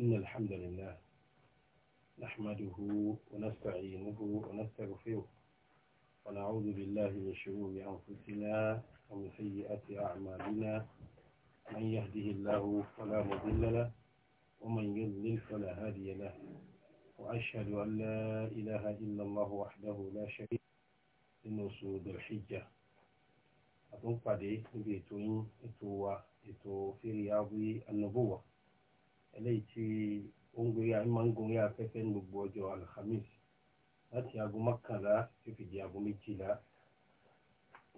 إن الحمد لله نحمده ونستعينه ونستغفره ونعوذ بالله من شرور أنفسنا ومن سيئات أعمالنا من يهده الله فلا مضل له ومن يضلل فلا هادي له وأشهد أن لا إله إلا الله وحده لا شريك له oṣù dọ̀lẹ́jà àtúnpàdé níbi ètò إتوى ètò wa ètò fèrè àwí eléyìí tí ó ń gorí máa ń gorí afẹ́fẹ́ ní gbogbo ọjọ́ alhamis láti aago mọ́kànlá tó fi di aago méjìlá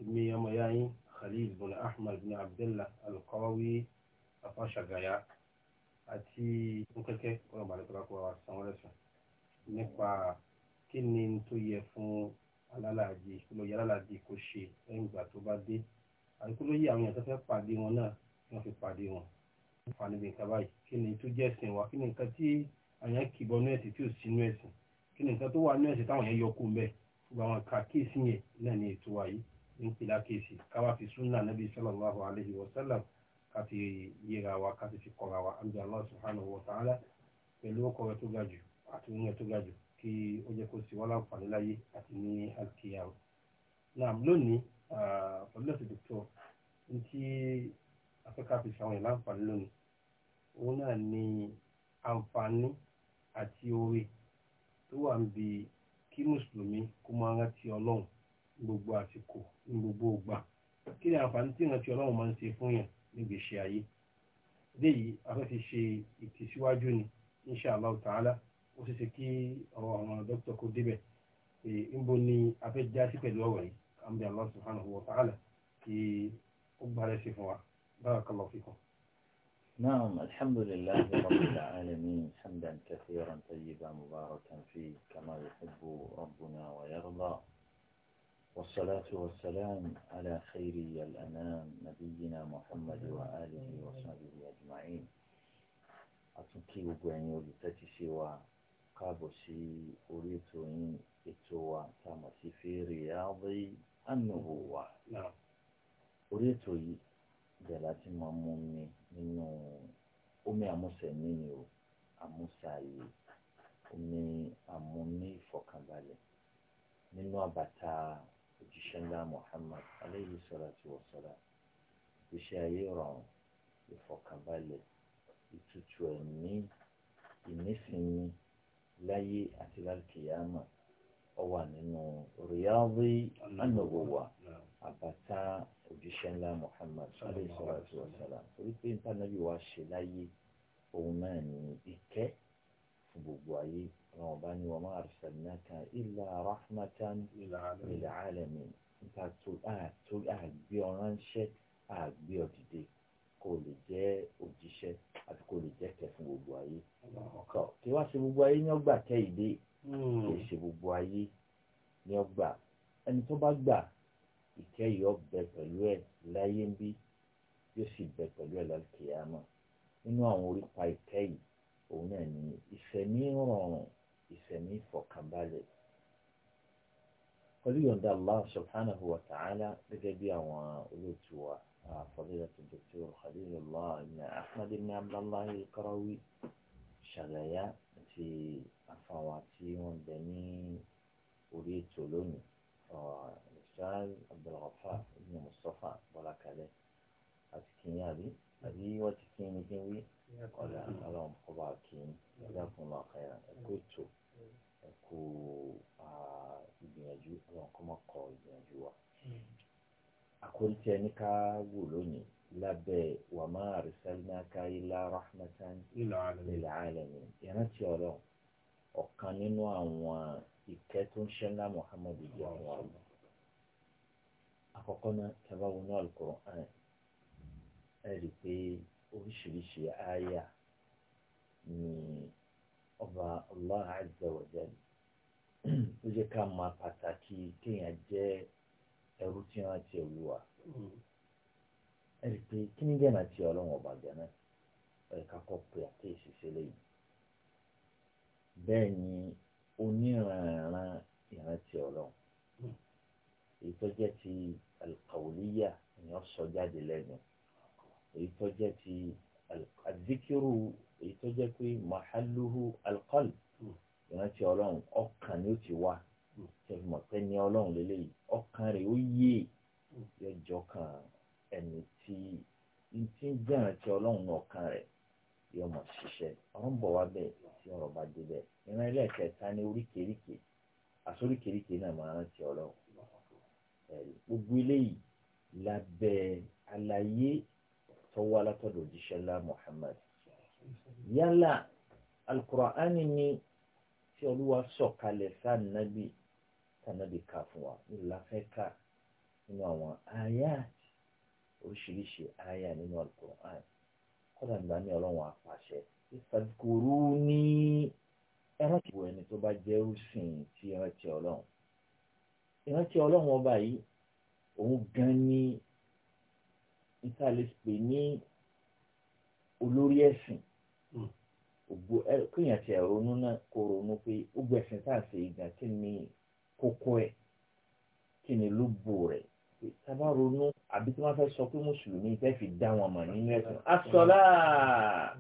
èmi ọmọ ya yín khalil bin ahmed bin abdullah alqawi afashagaya àti nkẹ́kẹ́ kọ́nà balẹ̀kọ́lákọ́ sanwó lẹ́sùn nípa kí ni tó yẹ fún alálàájì ìpínlẹ̀ alálàájì kò ṣe lẹ́yìn ìgbà tó bá dé àti kí àwọn èèyàn fẹ́ pàdé wọn náà wọ́n fi pàdé wọn àǹfààní bí nǹkan báyìí kí ni tó jẹ́ ẹ̀sìn wa kí ni nǹkan tí àyàn kìbọn nú ẹ̀sìn tí ò sí nú ẹ̀sìn kí ni nǹkan tó wà nú ẹ̀sìn táwọn yẹn yọ kó gbogbo àwọn ká kéèsì yẹn náà ni ètò wa yìí ń pèlà kéèsì káwá fi súnà nàbí sallallahu alaihi wa sallam ká fi yíra wa ká fi kọ́ra wa àmì Allah subhanahu wa ta'ala pẹ̀lú ọkọ̀ rẹ̀ tó ga jù àti orin rẹ̀ tó ga jù kí ó jẹ́ kó sì wá láǹfààní láyé àti ní alkiyama. Naam lónìí pẹ̀lú ẹ̀sìn dòkítọ̀ ní kí afẹ́ká fi ṣàwọn ìlànà lónìí òun náà ni àǹfààní àti oore tó wà ń bi kí mùsùlùmí kó máa rántí ọlọ́run ní gbogbo àsìkò ní gbogbo ògbà kí ni àǹfààní tí ìrántí ọlọ́run máa ń ṣe fún yàn níbi ìṣe ayé léyìí afẹ́ ṣe ìtẹ̀síwájú ni insha Allah ta'ala ó ṣe ṣe kí ọ̀rọ̀ àwọn dókítà kó débẹ̀ níbo ni afẹ́ pẹ̀lú ọ̀rọ̀ yìí àmì Allah subhanahu wa ta'ala kí ó gbára sí fún wa barakallahu fikum. نعم الحمد لله رب العالمين حمدا كثيرا طيبا مباركا فيه كما يحب ربنا ويرضى والصلاة والسلام على خير الأنام نبينا محمد وآله وصحبه أجمعين أتنكي وقعني ولتتسي وقابسي أريتني إتوى تامسي في رياضي النبوة نعم. أريتو bẹ́ẹ̀ láti máa mú mi nínú omi àmúṣẹ nínú o àmúṣẹ ààyè omi àmúní ìfọ̀kànbalẹ̀ nínú àbàtà òjíṣẹ́ ńlá Muhammad aleyhi salatu wa salam ìgbésí ayé rọrùn ìfọ̀kànbalẹ̀ ìtutù ẹ̀mí ìnísìnyí láyé àti lálùkìyàmà ó wà nínú Riyadi an àbàtà òjíṣẹ́ ńlá Muhammad alayhi salatu wa salam torí pé nípa nàbí wa ṣe láyé òun náà ní ìkẹ́ fún gbogbo ayé àwọn ọba ni wa ma arsalnaka illa rahmatan lil alamin nípa tó àgbé ọ̀ránṣẹ́ àgbé ọ̀dìdè kò lè jẹ́ òjíṣẹ́ àti kò lè jẹ́ kẹ́ fún gbogbo ayé kí wá ṣe gbogbo ayé ní ọgbà kẹ́ ìdè hmm. kì í ṣe gbogbo ayé ní ọgbà ẹni tó bá gbà ìkẹ́ yìí ọbẹ pẹ̀lú ẹ láyé ń bí yóò sì bẹ pẹ̀lú ẹ lálùkìyàmọ nínú àwọn orípa ìkẹ́ yìí òun náà ní ìfẹ̀mí rọrùn ìfẹ̀mí ìfọ̀kànbalẹ̀ pẹ̀lú yọ̀ǹda Allah subhanahu wa ta'ala gẹ́gẹ́ bí àwọn olóòtú wa fadilatu Dr. Khalilullah ibn Ahmad ibn Abdullah al-Qarawi ṣàlàyé àti àfàwọn tí wọ́n bẹ ní orí ètò lónìí. أستاذ عبد الغفار بن مصطفى ولا كذا أتكيني هذه هذه وتكيني كيني ولا اللهم خبا كيني جزاكم الله خيرا كنت ku ìgbìyànjú àwọn kan máa kọ ìgbìyànjú wa. àkórí tí ẹni ká wò lónìí lábẹ́ wa ma arsalnaka illa rahmatan lil alamin ìrántí ọ̀rọ̀ ọ̀kan nínú àwọn ìkẹ́ Muhammadu jẹ́ fún wa àkọ́kọ́ náà tàbá wọnú Al-Qur'an ẹ rí i pé oríṣiríṣi àyà ni ọba Allah Azza wa Jalla ó jẹ́ ká máa pàtàkì kéèyàn jẹ́ ẹrú tí wọ́n ti Olúwa ẹ rí i pé kí ni ti ọlọ́run ọba gẹ́nà ẹ̀ka kọ́ pé àkéèsì sílẹ̀ yìí bẹ́ẹ̀ ni oníranran ìrántí ọlọ́run èyí tó jẹ́ ti alqawliya èèyàn sọ jáde lẹ́nu èyí tó jẹ́ ti azikiru èyí tó jẹ́ pé mahaluhu alqalb ìrántí ọlọ́run ọkàn ni ó ti wá tẹ̀sùmọ̀ pé ní ọlọ́run lélẹ́yìí ọkàn rẹ̀ ó yé yọjọ́ kan ẹni tí n ti ń gbẹ̀rẹ̀ tí ọlọ́run náà ọkàn rẹ̀ yóò mọ̀ ṣiṣẹ́ ọ̀rọ̀ bọ̀ wá bẹ́ẹ̀ tí ọ̀rọ̀ bá dé bẹ́ẹ̀ ìran ilé ẹ̀kẹta ní oríkèéríkèé àsoríkèéríkèé náà máa rántí ọlọ́run gbogbo eléyìí lábẹ́ àlàyé tọ́wọ́ alátọ́dọ̀ òjíṣẹ́ ńlá Muhammad yálà alukur'ani ni tí olúwa sọ̀kalẹ̀ sànàbì sànàbì kà fún wa ńlá fẹ́ ká nínú àwọn àyà oríṣiríṣi àyà nínú alukur'ani kọ́dà nígbà ní ọlọ́run àpàṣẹ ìfàdùkúrú ní ẹ̀rọ ìwọ ẹni tó bá jẹ́ òsìn tí ẹ̀rọ ti ọlọ́run ìrántí ọlọ́run ọba yìí òun gan ni níta lè pè ní olórí ẹ̀sìn ògbó hmm. kéèyàn ti ronú náà kó ronú pé ó gbọ́ ẹ̀sìn tá à ṣe ìgbà kí ni kókó ẹ̀ kí ni ló bò rẹ̀ sábà ronú àbí tí wọ́n fẹ́ sọ pé mùsùlùmí fẹ́ fi dá wọn mọ̀ nínú ẹ̀sìn hmm. asọ́lá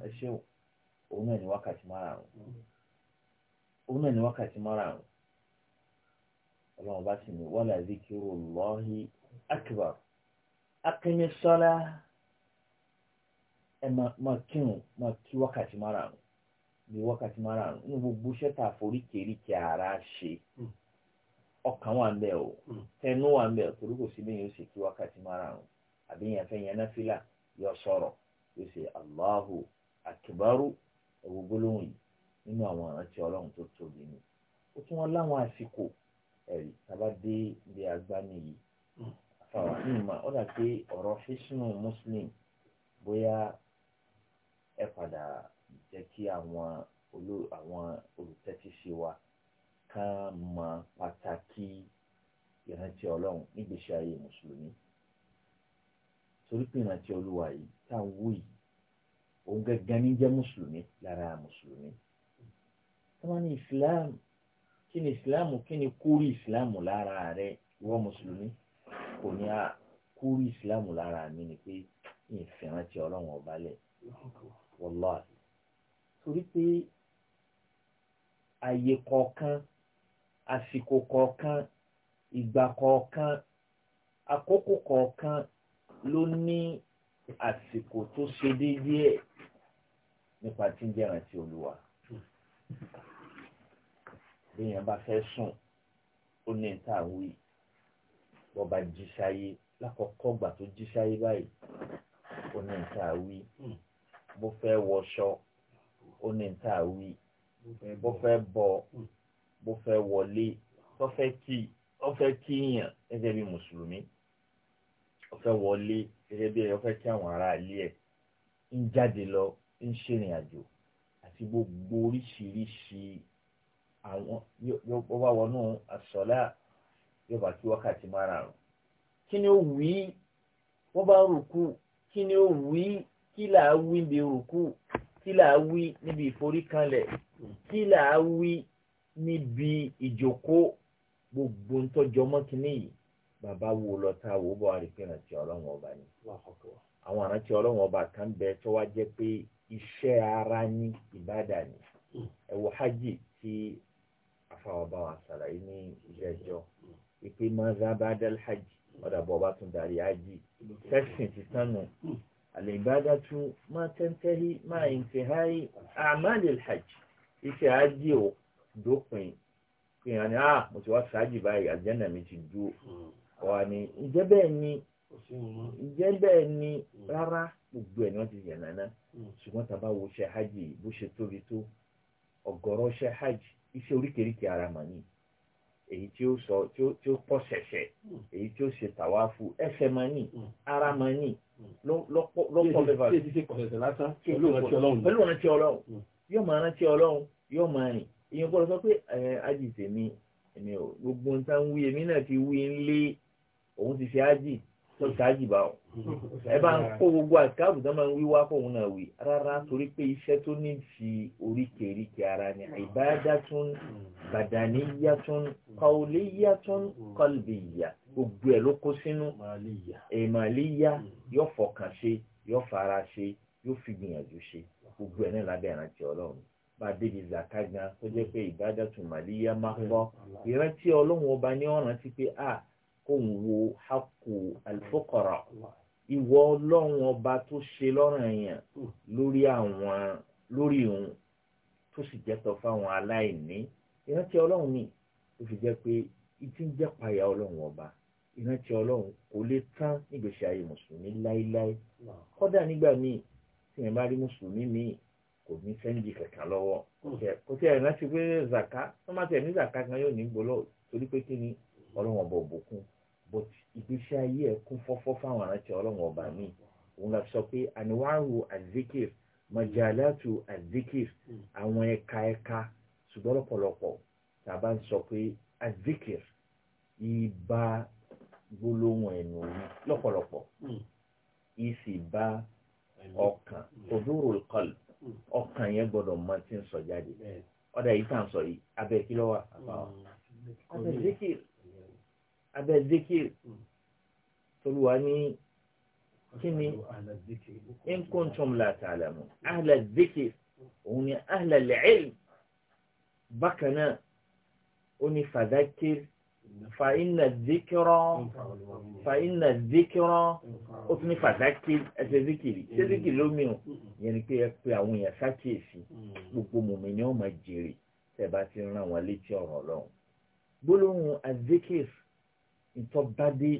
ẹ ṣeun òun náà ni wákàtí márùn-ún hmm. òun náà ni wákàtí márùn-ún ọlọ́run bá sì ní wala zikrullahi akbar akínní sọ́lá ẹ máa kírun máa kí wákàtí márùn-ún bí wákàtí márùn-ún ní gbogbo iṣẹ́ tá a forí kéríkì ara ṣe hmm. ọkàn wà ń bẹ o tẹnu hmm. wà ń bẹ o torí kò sí bí yẹn ó ṣe kí wákàtí márùn-ún àbí yẹn fẹ́ yẹn náfìlà yọ sọ̀rọ̀ yóò ṣe Allahu akbaru ẹ̀wọ̀ gbólóhùn yìí nínú àwọn ìrántí ọlọ́run tó tóbi ni ó tún wọn láwọn àsìkò ẹ̀rí tàbá dé ibi agbani yìí hmm. fàwọn ìmọ̀ ó dà pé ọ̀rọ̀ fíṣínù muslim bóyá ẹ padà jẹ́ kí àwọn olú àwọn olùtẹ́tíṣe wa kán mọ pàtàkì ìrántí ọlọ́run nígbèsí ayé mùsùlùmí torí pé ìrántí olúwa yìí tá à ń wú yìí òun gẹ́gẹ́ ní jẹ́ mùsùlùmí lára mùsùlùmí. wọ́n ní ìsìláàmù kí ni ìsìláàmù kí ni kúrú ìsìláàmù lára rẹ ìwọ mùsùlùmí kò ní a kúrú ìsìláàmù lára mi ni pé ìfẹ́ràn ti ọlọ́run ọba lẹ̀ wọláhì torí pé àyè kọ̀ọ̀kan àsìkò kọ̀ọ̀kan ìgbà kọ̀ọ̀kan àkókò kọ̀ọ̀kan ló ní àsìkò tó ṣe déédéé nípa tí ń jẹ́ ìrántí olúwa béèyàn bá fẹ́ sùn ó ní ìta àwí bọ́ba jíṣáyé lákọ̀ọ́kọ́ gbà tó jíṣáyé báyìí ó ní ìta àwí hmm. bó fẹ́ wọṣọ ó ní ìta àwí bó fẹ́ bọ hmm. bó fẹ́ wọlé tó fẹ́ kí ó fẹ́ kíyàn gẹ́gẹ́ bí mùsùlùmí ó wọlé gẹ́gẹ́ bí ó kí àwọn ará ilé ẹ̀ ń jáde lọ ń ṣèrìn àjò àti gbogbo oríṣiríṣi àwọn yóò bá wọnú àsọlá yóò bá kí wákàtí márùn-ún kí ni ó wí wọ́n bá ń rùkú kí ni ó wí kí là wí níbi rùkú kí là wí níbi ìforíkanlẹ̀ kí là wí níbi ìjókòó gbogbo ntọ́jọ́ mọ́kínní yìí bàbá wo lọ tá a wò bọ́ àrífẹ́ ìrántí ọlọ́run ọba ni àwọn ìrántí ọlọ́run ọba kan bẹ tó wá jẹ́ pé iṣẹ́ ara ní ìbádà ni hajj tí àfàwọ̀ bá wa ṣàlàyé ní ilé ẹjọ́ ìpè mazabadal hajj ọ̀dà bọ̀ bá tún darí ájì sẹ́sìn ti tánu àlèbádá tún máa tẹ́ntẹ́rí máa ìntẹ̀háyì àmàlẹ̀ hajj iṣẹ́ ájì ò dópin fihàn ni ah mo ti wá ṣáájì báyìí àjẹ́nà mi ti dúró wà ní ǹjẹ́ bẹ́ẹ̀ ni ǹjẹ́ bẹ́ẹ̀ ni rárá gbogbo ẹ̀ ni wọ́n ti yànnà náà ṣùgbọ́n tá wo ṣe hajj bó ṣe tóbi tó ọ̀gọ̀rọ̀ ṣe hajj iṣẹ́ oríkèéríkèé ara mà ní èyí tí ó sọ tí ó pọ̀ ṣẹ̀ṣẹ̀ hmm. èyí tí ó ṣe tàwáfù ẹsẹ̀ mà ní hmm. ara mà ní lọ́pọ̀ lẹ́fà tí èyí ṣe kọ̀ṣẹ̀ṣẹ̀ lásán pẹ̀lú ìrántí ọlọ́run hmm. yóò máa rántí ọlọ́run yóò máa rìn èyí gbọ́dọ̀ sọ pé ájì tèmi gbogbo nǹkan wí èmi náà ti wí ń lé òun ti ṣe ájì tó ṣáájì bá ọ ẹ bá ń kó gbogbo àkáàbù tó máa ń wíwá fóun náà wí rárá torí pé iṣẹ́ tó ní fi oríkèéríkèé ara ni ìbádátún bàdàníyàtún kọ́ọ̀léyàtún kọ́lbìyà gbogbo ẹ̀ ló kó sínú èèmàlíyà yóò fọkàn ṣe yóò fara ṣe yóò fi gbìyànjú ṣe gbogbo ẹ̀ náà lábẹ́ ìrántí ọlọ́run bá débi zaka gan tó jẹ́ pé ìbádátún màlíyà máa ń bọ́ ìrántí ọlọ́run ọba ní ọ̀ràn ti pé a. Ah, kóun wo haku alifokara ìwọ ọlọ́run ọba tó ṣe lọ́rùn èèyàn lórí àwọn lórí òun tó sì jẹ́tọ̀ fáwọn aláìní ìrántí ọlọ́run ni ó fi jẹ́ pé ìtí ń jẹ́ payà ọlọ́run ọba ìrántí ọlọ́run kò lè tán nígbèsè ayé mùsùlùmí láéláé kọ́dà nígbà míì tí yẹn bá rí mùsùlùmí míì kò ní sẹ́ńdì kankan lọ́wọ́ kò tí ẹ̀rín láti pé zaka tó má tẹ̀ ní zaka kan yóò ní gbọ́lọ́ torí pé kí ni ọlọ́run ọba òbòkun but ìgbésí ayé ẹ̀ kún fọ́fọ́ fáwọn arántí ọlọ́run ọba mi òun la sọ pé àníwáàrò azikir majalatu azikir àwọn ẹ̀ka ẹ̀ka ṣùgbọ́n lọ́pọ̀lọpọ̀ tá a bá ń sọ pé azikir ìbá gbólóhùn ẹnu orí lọ́pọ̀lọpọ̀ hmm. ìsì bá ọkàn òdúró hmm. kọlù hmm. ọkàn yẹn gbọ́dọ̀ máa ti ń sọ jáde ọ̀dà yìí tá à ń sọ yìí abẹ́ kí ló wà. abẹ́ abẹ́ zikir tolúwa ní kí ni in kuntum la ta'lamun ahla zikir òun ni ahla al-ilm bákan náà ó ní fadhakir fa inna zikra fa inna zikra ó tún ní fadhakir ẹsẹ̀ zikiri ṣé zikiri ló mìíràn yẹn ni pé ẹ pé àwọn èèyàn ṣàkíyèsí gbogbo mùmínì ó máa jèrè tẹ́ bá ti rán wọn létí ọ̀rọ̀ Ọlọ́run gbólóhùn azikir ìtọ́bádé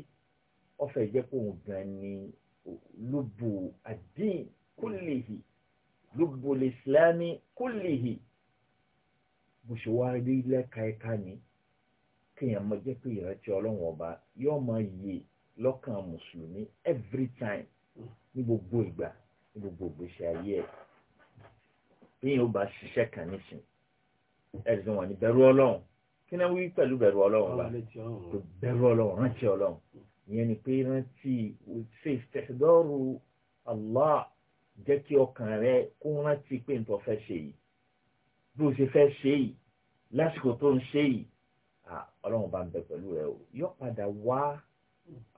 ọ̀fẹ́ jẹ́ kó òun gan ni lóbò àdín kúlìhì lóbò lìsìlámì kúlìhì bó ṣe wá rí lẹ́ka ẹ̀ka ni kéèyàn máa jẹ́ pé ìrántí ọlọ́run ọba yóò máa yè lọ́kàn mùsùlùmí every time ní gbogbo ìgbà ní gbogbo ìgbésí ayé ẹ̀ bí yóò bá ṣiṣẹ́ kan nísìn ẹ̀sìn wọn ní bẹ̀rù ọlọ́run kí náà wí pẹ̀lú bẹ̀rù ọlọ́run bá tó bẹ̀rù ọlọ́run rántí ọlọ́run ìyẹn ni pé rántí ṣe ìfẹ̀dọ́rù Allah jẹ́ kí ọkàn rẹ kó rántí pé n tó fẹ́ ṣe yìí bí o ṣe fẹ́ ṣe yìí lásìkò tó ń ṣe yìí ọlọ́run bá ń bẹ pẹ̀lú rẹ o yọ padà wá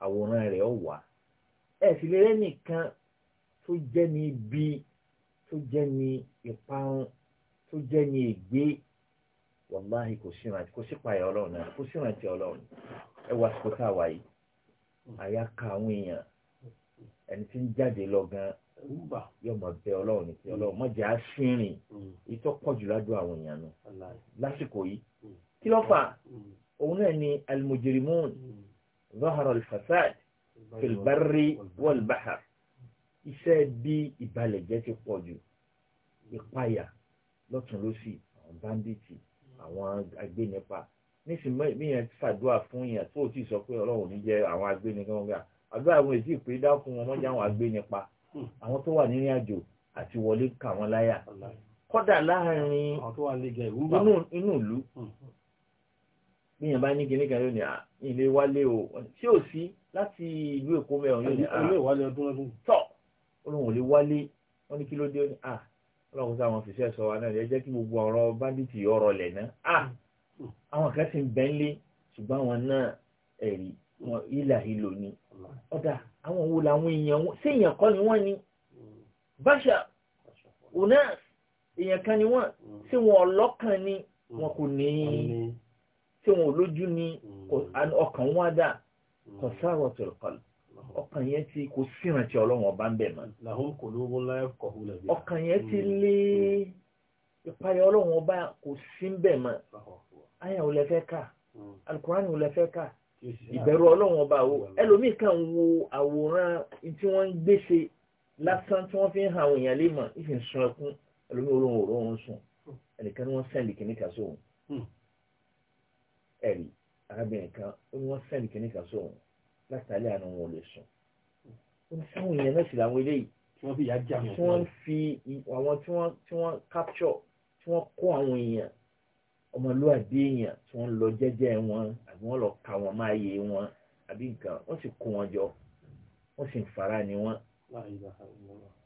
àwòrán rẹ ọ wá ẹ sì lè rẹ́nìkan tó jẹ́ ní ibi tó jẹ́ ní ìparun tó jẹ́ ní ègbé wàláhì kò sí ìrántí kò sí payà ọlọ́run náà kò sí ìrántí ọlọ́run ẹ wá sọ tá a wà yìí àyà ka àwọn èèyàn ẹni tí ń jáde lọ gan yóò máa bẹ ọlọ́run nípa ọlọ́run má jẹ́ àṣírìn ìtọ́ mm. pọ̀ jù ládùn àwọn èèyàn nù lásìkò yìí mm. kí ló fà mm. òun náà ni almujrimun zahara alfasad fil barri iṣẹ́ bí ìbalẹ̀jẹ́ ti pọ̀ jù ìpayà lọ́tún lọ́sì àwọn báńdíìtì àwọn agbénipa nísìnyí bí yẹn fàdúrà fún yẹn tó ti sọ pé ọlọ́run ní jẹ́ àwọn agbénipa wọn gbà àdúrà àwọn èsì pé dákun wọn mọ́jà àwọn agbénipa hmm. àwọn tó wà nínú àjò àti wọlé kà wọ́n láyà kọ́dà láàrin inú ìlú hmm. bí bá ní kíní kan yóò ní ilé wálé o tí ò sí láti ìlú èkó mẹ́rin yóò ní àá tọ́ olóhùn ò lè wálé wọ́n ní kí ló dé ó ní àá ọlọ́run sáwọn fi ṣẹ́ sọ wa náà ẹ jẹ́ kí gbogbo ọ̀rọ̀ báńdíìtì ọ̀rọ̀ lẹ̀ náà àwọn kan ti ń bẹ́ńlé ṣùgbọ́n àwọn náà ẹ̀rí wọn ìlà ìlò ni ọ̀dà àwọn wo làwọn èèyàn wọn ṣé èèyàn kọ́ ni wọ́n ni báṣà ònà èèyàn kan ni wọ́n ṣé wọn ọlọ́kàn ni wọn kò ní ṣé wọn olójú ni ọkàn wọn dà kò sáwọ́ tó kọlù ọkàn yẹn ti kò sírántí ọlọ́run ọba ń bẹ̀ mọ́. làwọn kò ló wọ́n láyé kọ̀ ọ́ lẹ́bi. ọkàn yẹn ti lé ìpayà ọlọ́run ọba kò sí ń bẹ̀ mọ́. ayà ò lẹ fẹ́ kà hmm. alukurani ò lẹ fẹ́ kà ìbẹ̀rù ọlọ́run ọba wo ẹlòmíì kan wo àwòrán tí wọ́n ń gbèsè lásán tí wọ́n fi ń hàn àwọn èèyàn lé mọ̀ ìfi ń sun ẹkún ẹlòmíì olóhùn òróhùn sùn hmm. ẹnìkan wọ́n sẹ́ndì kìíní kan sóhun hmm. ẹ̀rí arábìnrin kan wọ́n sẹ́ndì kìíní kan sóhun látàlẹ́ àná wọn ò lè sùn oníṣòwò yẹn náà sì làwọn eléyìí tí wọ́n fi yà jà mọ́ tí wọ́n fi àwọn tí wọ́n tí wọ́n capture tí wọ́n kó àwọn èèyàn ọmọlúwàbí èèyàn tí wọ́n lọ jẹ́jẹ́ wọn àbí wọ́n lọ ka wọn máa yé wọn àbí nǹkan wọ́n sì kó wọn jọ wọ́n sì ń fara ni wọ́n.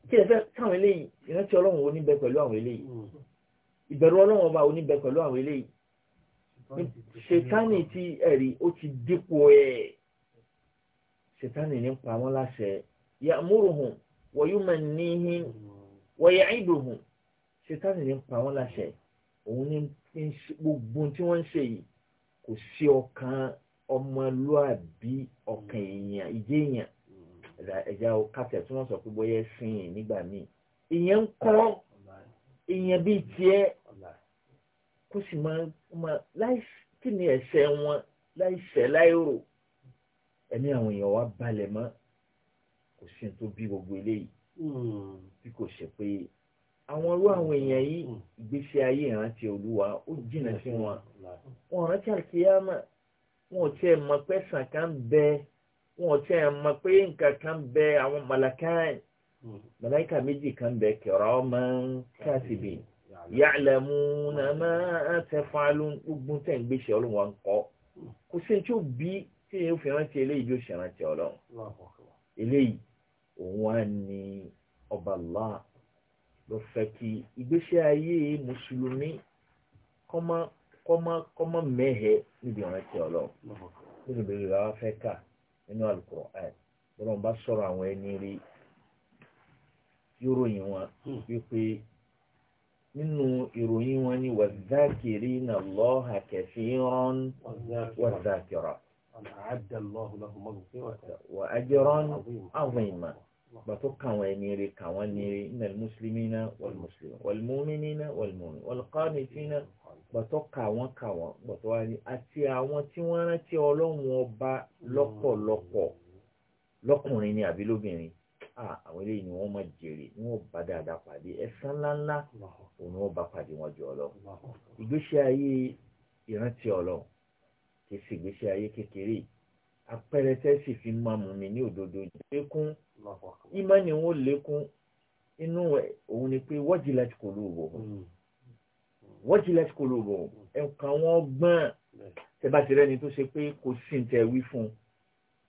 kí ẹ fẹ́ káwọn eléyìí ìrántí ọlọ́run ò ní bẹ pẹ̀lú àwọn eléyìí hmm. ìbẹ̀rù ọlọ́run ọba ò ní bẹ pẹ̀lú àwọn eléyìí ṣètánì ti ẹ̀rí ó ti dípò ẹ̀ sátánì ní pa wọ́n láṣẹ ya'muruhum wa yumannihim wa ya'iduhum sátánì ní pa wọ́n láṣẹ òun ní gbogbo tí wọ́n ń ṣe yìí kò sí ọkàn ọmọlúàbí ọkàn èèyàn ìdí èèyàn ẹ̀já kàtẹ́ tí wọ́n sọ pé bóyá ẹ̀sìn yìí nígbà míì èèyàn ń kọ́ èèyàn bíi tiẹ̀ kó sì máa láì kí ni ẹ̀ṣẹ̀ wọn láì ṣẹ̀ láì rò ẹni àwọn èèyàn wa balẹ̀ mọ́ kò sí ní tó bí gbogbo eléyìí hmm. bí kò ṣe pé àwọn irú àwọn èèyàn yìí ìgbésí ayé ìrántí olúwa ó jìnnà sí wọn wọn rántí àkíyàmà wọn ò tiẹ̀ mọ̀ pé sàn bẹ wọn ò tiẹ̀ mọ̀ pé nǹkan kan bẹ àwọn malakai malaika méjì kan bẹ kiraman katibin ya'lamuna ma taf'alun gbogbo tẹ̀ ń gbéṣẹ́ ọlọ́wọ́n kọ́ kò sí ní tí bí tí èyí fi rántí eléyìí yóò ṣe rántí ọlọ́run eléyìí òun á ní ọba Allah ló fẹ́ kí ìgbésí ayé mùsùlùmí kọ́mọ kọ́mọ kọ́mọ mẹ́hẹ̀ níbi rántí ọlọ́run nínú ìbéèrè rà wá fẹ́ kà nínú Al-Qur'an ọlọ́run bá sọ̀rọ̀ àwọn ẹni rí yóròyìn wọn hmm. wípé nínú ìròyìn wọn ni wàzákìrì náà lọ́ọ́ hàkẹ́fì rán أعد الله لهم مغفرة وأجرا عظيما بتوقع وينيري كوانيري إن المسلمين والمسلمين والمؤمنين والمؤمنين والقانتين bàtọ́ka àwọn kà wọ́n bàtọ́ wa ni àti àwọn tí wọ́n rántí ọlọ́run ọba lọ́pọ̀lọpọ̀ lọ́kùnrin ni àbí lóbìnrin àwọn eléyìí ni wọ́n máa jèrè ni wọ́n bá dáadáa pàdé ẹ̀san ńláńlá òun ni wọ́n bá pàdé wọn jù ọlọ́run ìgbésí ayé ìrántí ọlọ́run kì í ṣègbésí ayé kékeré àpẹẹrẹ tẹ́sí fi máa mú mi ní òdodo lékún ìmánì wọn lékún inú òun ni pé wajilat qulubuhum hmm. wajilat qulubuhum ẹ̀ka wọn gbọ́n tẹ́bàtìrẹ́ ni tó ṣe pé kò sí ní tẹ́ wí fún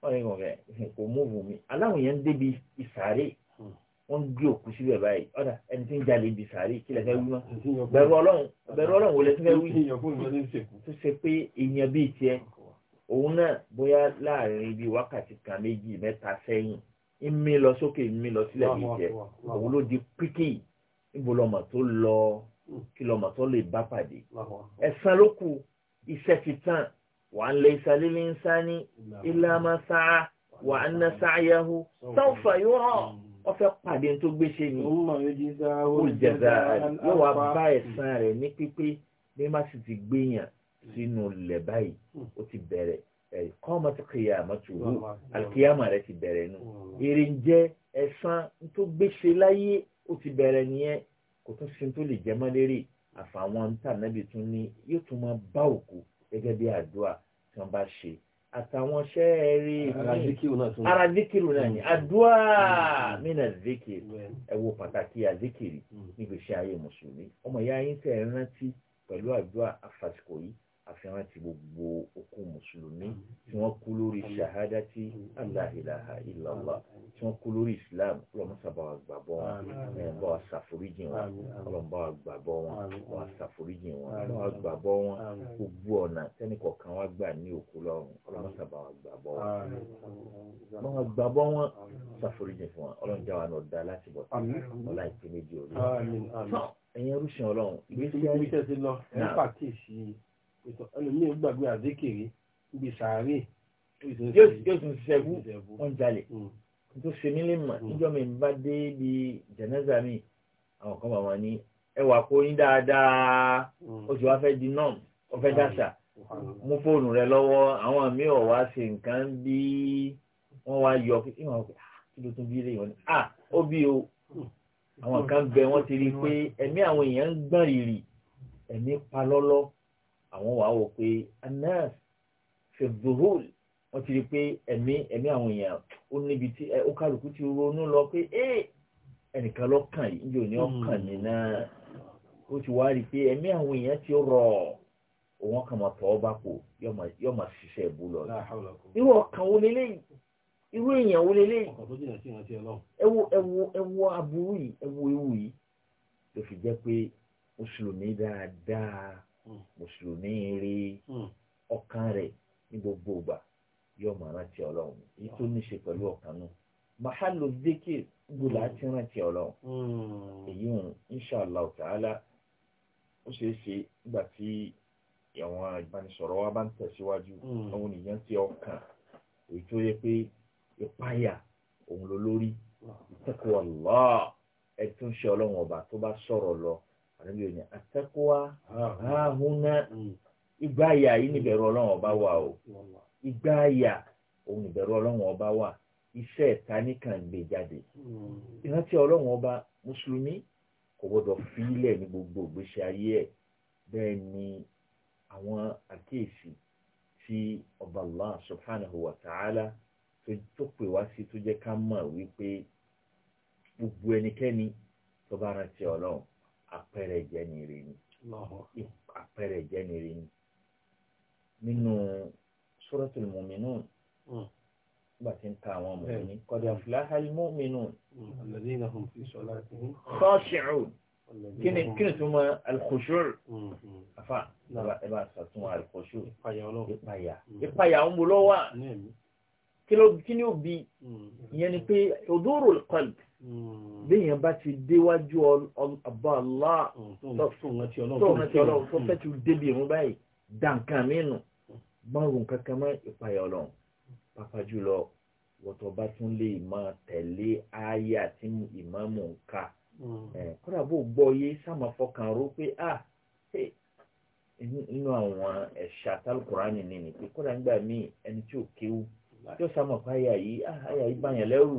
un wọ́n ní kò múùbù mi aláwọ̀ yẹn ń débi ìsàrè hmm wọ́n gbé òkú síbẹ̀ báyìí ọ̀dà ẹni tí ń jalè ibi sàárè kí lè wí mọ́ bẹ̀rù ọlọ́run bẹ̀rù ọlọ́run wò lè wí tó ṣe pé èèyàn bíi tiẹ̀ òun náà bóyá láàrin ibi wákàtí kan méjì mẹ́ta sẹ́yìn ń lọ sókè ń lọ sílẹ̀ bíi tiẹ̀ òun ló di píkì níbo lọmọ tó lọ hmm. kí lọmọ tó lè bá pàdé ẹ̀san ló kù iṣẹ́ ti tán wà á lè ìsàlẹ̀ ní wà á ná sáà ó fẹ́ pàdé tó gbéṣe ni ó jẹ̀dá yóò wá bá ẹ̀san rẹ̀ ní pípé ní má sì ti gbéyàn sínú ilẹ̀ báyìí hmm. ó ti bẹ̀rẹ̀ kọ́mọ ti kìyàmọ́ tù wú àkìyàmọ́ rẹ̀ ti bẹ̀rẹ̀ nù hmm. èrè ń jẹ́ ẹ̀san tó gbéṣe láyé ó ti bẹ̀rẹ̀ nìyẹn kò tún sin tó lè jẹ́ mọ́ lérí àfàwọn ntànẹ́bì tún ní yóò tún máa bá òkú gẹ́gẹ́ bí àdúrà tí wọ́n bá ṣe àtàwọn ṣẹ́ẹ̀rí ara zikiru náà ni mm. àdúrà mínà mm. zikiri ẹ wo pàtàkì àzikiri mm. níbi iṣẹ́ ayé mùsùlùmí ọmọ ìyá yín tẹ̀ rántí pẹ̀lú àdúrà àfàsìkò yìí àfihàn ti gbogbo òkú mùsùlùmí tí wọ́n kú lórí ṣahadati aláìláha ìlàlá tí wọ́n kú lórí islam ọlọ́mọsàbà wa gbàgbọ́ wọn ẹ̀yìnbá wa ṣàforíjì wọn ọlọ́mọba wa gbàgbọ́ wọn wa ṣàforíjì wọn ọlọ́mọba wa gbàgbọ́ wọn gbogbo ọ̀nà tẹ́nìkọ̀ọ̀kan wa gbà ní òkú lọ́rùn ọlọ́mọsàbà wa gbàgbọ́ wọn ọlọ́mọba wa gbàgbọ́ wọn ṣàforíjì fún wọn ọlọ́mọjà wa náà dá láti bọ̀ ọlá ìpínlẹ̀ ìtọ́ ẹlòmíì gbàgbé àzékèrè níbi sàárè yóò tún ṣẹ́gun wọ́n jalè hmm. tó ṣe mí lè mà hmm. níjọ́ mi bá dé ibi jẹ̀nẹ́sà mi àwọn kan bàbá ní ẹwà kó yín dáadáa hmm. ó sì wá fẹ́ di nọ́ọ̀m ó fẹ́ dáṣà mú fóònù rẹ lọ́wọ́ àwọn mi ò wá ṣe nǹkan bí wọ́n wá yọ kí wọ́n ah, kí ló tún bí lè yọ ni ah ó bí o àwọn kan bẹ wọ́n ti rí i pé ẹ̀mí àwọn èèyàn ń gbọ̀n rìrì ẹ̀mí pa lọ́lọ́. àwọn wàá wò pé anas fi dhuhul wọ́n ti rí pé ẹ̀mí àwọn èèyàn ó níbi tí ó kálukú ti ronú lọ pé ẹnìkan lọ́kàn yìí níjò ní ọkàn hmm. mi náà ó ti wá rí pé ẹmí àwọn èèyàn ti òun máa tọ ọ bá máa ìbú lọ. irú ọkàn wo irú èèyàn wo aburú yìí ewu yìí ló fi Hmm. mùsùlùmí rí hmm. ọkàn rẹ̀ ní gbogbo ìgbà yóò máa rántí ọlọ́run èyí tó hmm. ní ṣe pẹ̀lú ọkàn náà mahalo zeke gbọ́dọ̀ àti rántí ọlọ́run èyí ń inṣàlá ta'ala ó ṣeé ṣe nígbà tí àwọn ìbánisọ̀rọ̀ wa bá ń tẹ̀síwájú àwọn ènìyàn ti ọkàn èyí tó yẹ pé ìpáyà òun ló lórí ìtẹ́kọ̀ọ́ ọ̀lá ẹ̀ tó ń ṣe ọlọ́run ọba tó bá sọ̀rọ̀ lọ àdébí òní àtẹ́kùwá àhúná ìgbà àyà yìí níbẹ̀rù ọlọ́run ọba wà o ìgbà àyà òun ìbẹ̀rù ọlọ́run ọba wà iṣẹ́ ẹ̀ta nìkan gbé jáde hmm. ìrántí ọlọ́run ọba mùsùlùmí kò gbọdọ̀ fílẹ̀ ní gbogbo ìgbésí ayé ẹ̀ bẹ́ẹ̀ ni àwọn àkíyèsí tí ọba Allah subhanahu wa ta'ala tó pè wá sí tó jẹ́ ká mọ̀ wípé gbogbo ẹnikẹ́ni tó bá rántí ọlọ́run àpẹẹrẹ ìjẹnìrè ni àpẹẹrẹ ìjẹnìrè ni nínú suratul mu'minun hmm. nígbà tí ń ta àwọn mùmínì qad aflaha al-mu'minun. Hmm. alladhina hum fi salatihim khashi'un kíni kíni tó mọ al afa ẹ bá sàtún hmm. al-khushu' ìpayà ìpayà ń bolówà kí ni ó bi ìyẹn ni pé hudurul qalb. Hmm. béèyàn bá ti déwájú ọba Allah hmm, hmm. tọ́ọ̀nà tó fẹ́ ti débi ìrún báyìí dànkan mínú gbọ́nrún kankan mọ́ ìpayà ọlọ́run pàpà jùlọ wọ́tọ̀ bá tún ima tẹ̀lé ayé àti kódà bó gbọ́ yé fọkàn ró pé a àwọn ẹ̀ṣà tálùkùránì ni kódà ẹni tí ò tí ó lẹ́rù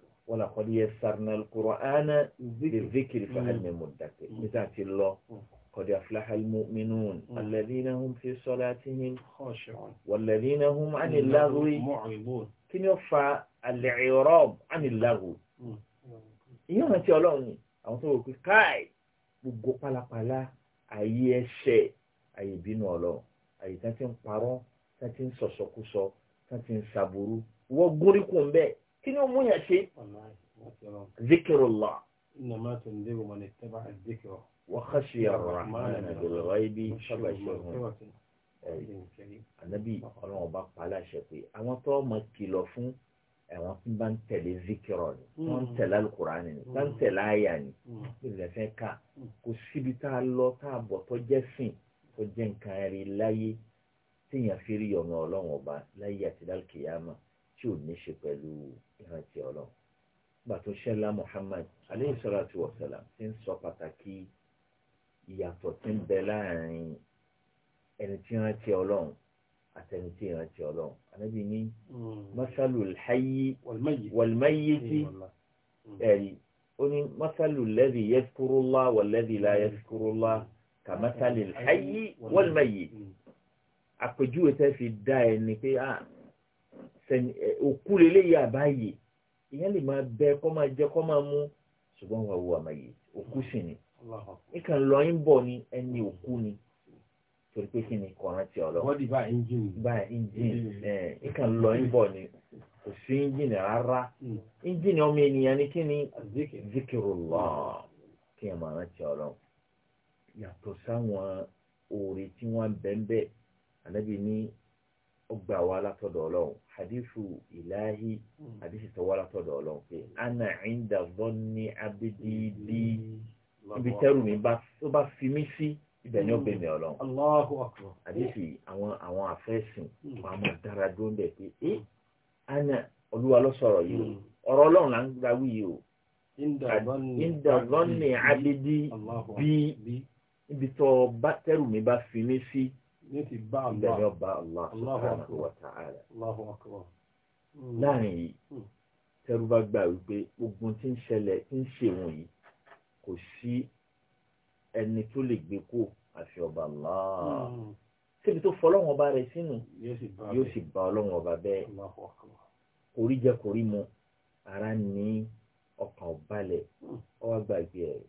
walaqad yassarna al-Qur'ana lidh-dhikri fahal min muddakir níta ti lọ qad aflaha al-mu'minun alladhina hum fi salatihim khashi'un walladhina hum 'ani al-laghwi mu'ridun kí ni ó fa al-i'rab 'ani al-laghwi ìyá wọn ti ọlọ́run ni àwọn tó rò pé káì gbogbo pálapàla àyè ẹ̀ṣẹ̀ àyè ìbínú ọlọ́run àyè tí wọ́n ti ń parọ́ tí wọ́n ti ń sọ̀sọ̀kúsọ tí wọ́n ti ń sàbúrú wọ́n gúnríkùn bẹ́ẹ̀ kí ni ó mú yẹn ṣe zikirullah. إنما تنذر من اتبع الذكر وخشي الرحمن بالغيب فبشره anabi ọlọ́run ọba paláṣẹ pé àwọn tó ọmọ kìlọ̀ fún àwọn tí bá ń tẹ̀lé zikirọ ni wọ́n ń mm. tẹ̀lé alukurani ni wọ́n ń mm. tẹ̀lé àyà ni ìrẹsẹ̀ mm. ká kò síbi tá a lọ tá a bọ̀ tó jẹ́ sìn tó jẹ́ nǹkan rí láyé tíyàn fi rí ọ̀nà ọlọ́run ọba láyé àti tí ò ní ṣe pẹ̀lú ìrántí ọlọ́run nígbà tó ṣẹlá Muhammad aleyhi salatu wa salam ti ń sọ pàtàkì ìyàtọ̀ tí ń bẹ láàrin ẹni tí ìrántí ọlọ́run àtẹni tí ìrántí ọlọ́run anábì ní hmm. masalu alhayi walmayiti hmm. ẹ̀rí ó ní masalu lẹ́bi yẹ́skurúlá wàlẹ́bi la yẹ́skurúlá ka masalu alhayi hmm. walmayiti àpèjúwe tẹ́ fi dá ẹni pé ah òkú lélẹ́yìí àbáyé ìyẹn lè máa bẹ kọ́ máa jẹ kọ́ máa mú ṣùgbọ́n wà wù àmàyè òkú sì ni nǹkan lọ ń bọ̀ ni ẹni òkú ni torí pé kí ni kọ̀ọ̀rán ti ọ̀lọ́. wọ́n di bá engine. bá engine ẹ̀ nǹkan lọ ń bọ̀ ni kò sí engine rárá engine hmm. ọmọ ènìyàn ni kí ni zikirullah kí ẹ máa rántí ọ̀lọ́ yàtọ̀ sáwọn oore tí wọ́n bẹ́ẹ̀ bẹ́ẹ̀ ó gbà wá látọ̀dọ̀ ọlọ́run hadithu ilahi hmm. hadithu tó wá látọ̀dọ̀ ọlọ́run pé ana inda dhanni abidi bí hmm. ibi tẹ́rù mi tó bá fi mí sí ibẹ̀ ni ó gbé mi hmm. ọlọ́run. Allahu akbar. hadithu àwọn àwọn àfẹ́sìn wọn a máa dára dúró ń bẹ̀ pé ẹ́ ana olúwa ló sọ̀rọ̀ yìí o ọ̀rọ̀ ọlọ́run là ń gba wí yìí o. inda dhanni abidi bí ibi tó tẹ́rù mi bá fi mí sí ní ti bá Allah subhanahu wa ta'ala hmm. láàrin yìí hmm. tẹ́rú bá gbà wípé ogun tí ń ṣẹlẹ̀ tí ń ṣe wọn yìí kò sí ẹni tó lè gbé kó àfi ọba Allah síbi hmm. tó fọlọ́wọ́n ọba rẹ̀ sínú yóò sì bá ọlọ́wọ́n ọba bẹ́ẹ̀ orí jẹ kò mu ara ní ọkàn balẹ̀ ọwọ́ gbàgbé ẹ̀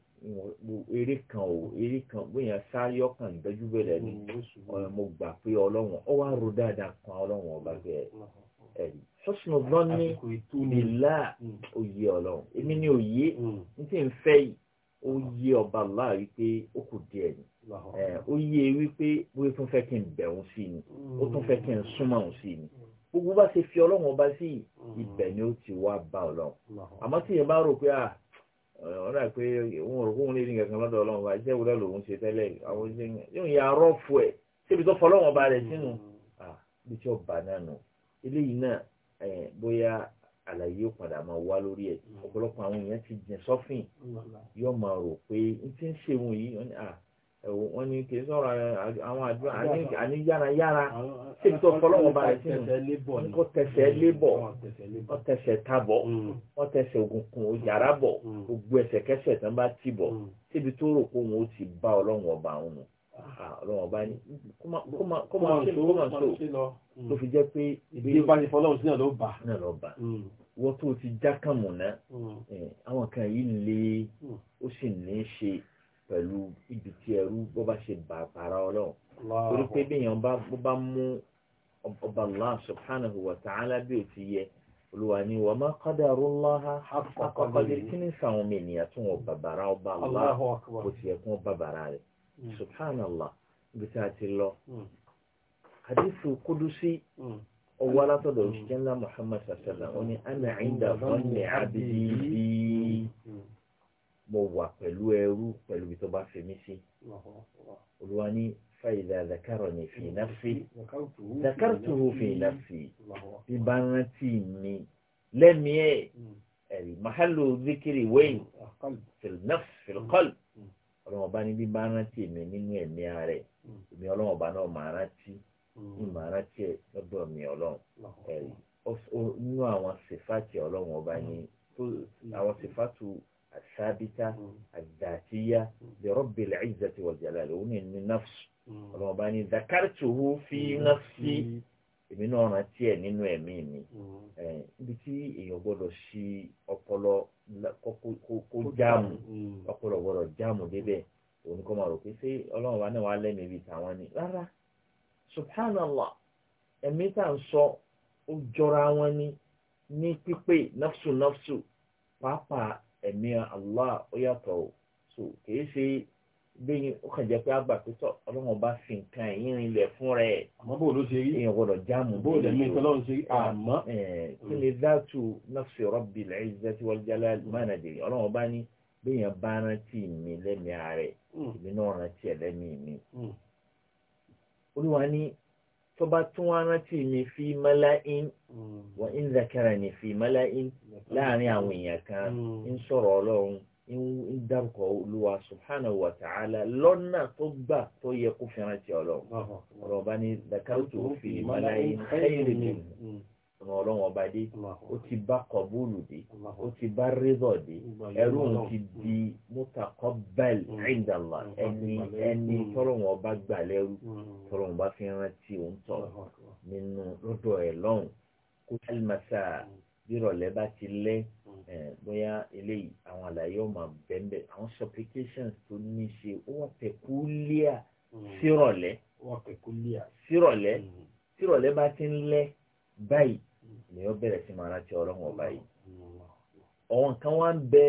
eré kan ò eré kan bóyá sáré ọkàn ìgbẹ́jú bẹ̀rẹ̀ ni mm, mo gbà pé ọlọ́wọ̀n ọ wá ro dáadáa kan ọlọ́wọ̀n ọba bẹ́ẹ̀ mm, mm, ẹ̀rí sọ́sùn ọgbọ́n ní ìlà òye ọlọ́run èmi ni òye ní tí n fẹ́ yìí ó yé ọba láà wípé ó kù díẹ̀ ni ó yé wípé bóyá tún fẹ́ kí n bẹ̀rùn sí ni ó tún fẹ́ kí n súnmọ́ òun sí ni gbogbo bá ṣe fi ọlọ́run ọba sí ibẹ̀ ni ó ti wá bá ọlọ́run àmọ́ tí yẹn bá rò pé ah wọn dà pé òun rò kóun lè ní kankan lọ́dọ̀ ọlọ́run bá iṣẹ́ wúlọ lòun ṣe tẹ́lẹ̀ àwọn iṣẹ́ yóò yà arọ fún ẹ síbi tó fọlọ́wọn ọba rẹ sínú mm. bí tí ọba náà nù eléyìí náà bóyá àlàyé yóò padà máa wá lórí ẹ mm. ọ̀pọ̀lọpọ̀ àwọn èèyàn ti jìn sọ́fìn mm. yóò máa rò pé n ti ń ṣe wọn yìí ẹ̀wọ̀ wọ́n ní kì í sọ̀rọ̀ àwọn àdúrà àníyárayára tí n tó fọlọ́wọ́ bá rẹ̀ sínú kó tẹsẹ̀ lébọ̀ wọ́n tẹsẹ̀ tabọ̀ wọ́n tẹsẹ̀ hmm. ògùnkùn òjàrá bọ̀ hmm. gbogbo ẹsẹ̀kẹsẹ̀ tán bá ti bọ̀ hmm. síbi tó rò kó wọn ó ti bá ọlọ́run ọba àwọn nù ah. ah, ọlọ́run ọba ní kó máa ṣe kó máa ṣe tó fi jẹ́ pé ìdílé fọlọ́run sí náà ló bà náà ló bà wọ́n tó ti já kàmùnà eh, àwọn kan yìí le ó sì ní í ṣe pẹ̀lú ibi tí ẹrú bó bá ṣe bàbàrà ọlọ́run torí pé bí èèyàn bá mú ọba Allah subhanahu wa ta'ala bí ó ti yẹ olùwà ni wà má qadarullaha haqqa qadrihi kí ní sàwọn ọmọ ènìyàn tó wọn bàbàrà ọba Allah bó ti yẹ kí wọn bàbàrà rẹ̀ mm. subhanallah ibi tí a ti lọ mm. hadithu kudusi ọwọ́ mm. alátọ̀dọ̀ òṣìṣẹ́ ńlá Muhammad sallallahu alaihi wa sallam ó ní ana inda dhanni abdi mo wà pẹ̀lú ẹrú pẹ̀lú ibi tó bá fi mí sí olúwa ní fàyídà zakarani fi nafsi zakartuhu fi nafsi bí bá rántí mi lẹ́mìí ẹ̀ ẹ̀rí mahalu zikiri wẹ́yìn fil nafsi fil qalb ọlọ́wọ́n bá ní bí bá rántí mi nínú ẹ̀mí rẹ̀ èmi ọlọ́wọ́n náà máa rántí ní máa rántí ẹ̀ lọ́dọ̀ mi ọlọ́run ẹ̀rí nínú àwọn sèfáàtì ọlọ́run ọba ni àwọn sèfáàtì àṣàbíta àdàtíyá lẹ́rọ̀bì lẹ́ẹ̀zẹ̀ tí wọ́n jẹ́lá lẹ́wọ́n ní ní nafsu ọlọ́wọ́n bá ní zakartuhu fi nafsi èmi náà ràn tiẹ̀ nínú ẹ̀mí mi ibi tí èèyàn gbọ́dọ̀ ṣí ọpọlọ kó jáàmù mm. ọpọlọ gbọ́dọ̀ jáàmù débẹ̀ òun ni kò máa rò pé ṣé ọlọ́run wa náà wà lẹ́nu ibi tàwọn ni rárá subhanallah ẹ̀mí tá à ń sọ ó jọra wọn ní ní pípé nafsu nafsu pàápàá ẹ̀mí Allah ó yàtọ̀ o so kìí ṣe bẹ́ẹ̀ ó kàn jẹ́ pé àgbà pé tọ́ ọlọ́run bá fi nǹkan ẹ̀yìn rinlẹ̀ fún rẹ̀. àmọ́ bó ló ṣe rí èèyàn gbọ́dọ̀ jáàmù bó lè mú ìtọ́lọ́run ṣe rí àmọ́. kí ni dátù nafsi rabbil izzati wal jalal mánàdìrì ọlọ́run bá ní bẹ́ẹ̀yàn bá rántí mi lẹ́mìí ààrẹ ìbínú hmm. rántí ẹ̀ lẹ́mìí mi. Hmm. olúwa ní tó bá tún wá rántí mi fi mẹ́láín hmm. wọ́n ń zakara ní fi mẹ́láín láàrin àwọn èèyàn kan hmm. ń sọ̀rọ̀ ọlọ́run ń dárúkọ olúwa subhanahu wa ta'ala lọ́nà tó gbà tó yẹ kó fi rántí ọlọ́run ọ̀rọ̀ bá ní zakartu fi mẹ́láín ẹ̀yìn ọ̀nà ọlọ́wọ́n ọba dé ó ti bá kọ̀búlù dé ó ti bá rédọ̀ dé ẹrú òun ti di mm. mutaqabbal mm. inda Allah ẹni mm. ẹni tọ́lọ́wọ́n ọba gbà lẹ́rú tọ́lọ́wọ́n ọba fi rántí òun tọ̀ nínú lọ́dọ̀ ẹ̀ lọ́hùn kó alimasa bírọ̀lẹ́ bá ti lẹ́ bóyá eléyìí àwọn àlàyé ọmọ bẹ́ẹ̀ àwọn supplications tó ní ṣe ó wà pẹ̀kúlíà sírọ̀lẹ́ sírọ̀lẹ́ sírọ̀lẹ́ báyìí lèyàn bẹ̀rẹ̀ sí máa rántí ọlọ́run ọba yìí àwọn nǹkan wá ń bẹ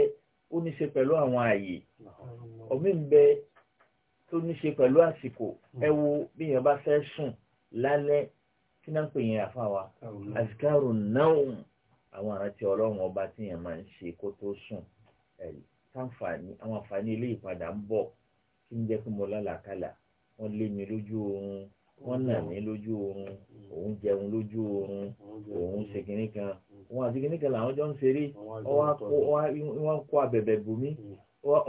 ó ní ṣe pẹ̀lú àwọn ààyè ọ̀mí ń bẹ tó ní ṣe pẹ̀lú àsìkò hmm. ẹ wo bí èèyàn bá fẹ́ sùn lálẹ́ kí náà ń pè yẹn àfa wa àsìkárò náà àwọn àrántí ọlọ́run ọba tí èèyàn máa ń ṣe kó tó sùn ẹ̀rí àwọn àǹfààní ilé ìpadà ń bọ̀ kí ń jẹ́ pé mo lálàkàlà wọ́n lé mi lójú oorun wọ́n nà mí lójú oorun òun jẹun lójú oorun òun ṣe kìnní kan òun àti kìnní kan làwọn jọ ń ṣeré wọ́n kó abẹ̀bẹ̀ bù mí